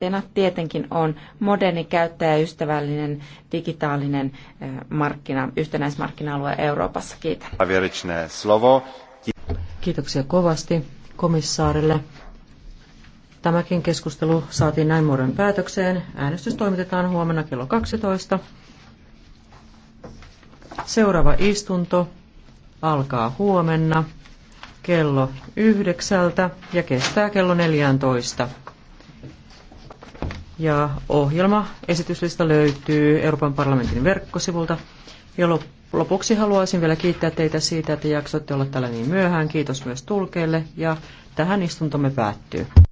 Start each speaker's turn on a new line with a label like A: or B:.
A: Tavoitteena tietenkin on moderni käyttäjäystävällinen digitaalinen
B: markkina, yhtenäismarkkina-alue Euroopassa. Kiitän. Kiitoksia kovasti komissaarille. Tämäkin keskustelu saatiin näin muodon päätökseen. Äänestys toimitetaan huomenna kello 12. Seuraava istunto alkaa huomenna kello yhdeksältä ja kestää kello 14. Ja ohjelma esityslista löytyy Euroopan parlamentin verkkosivulta. Ja lopuksi haluaisin vielä kiittää teitä siitä, että jaksoitte olla täällä niin myöhään. Kiitos myös tulkeille ja tähän istuntomme päättyy.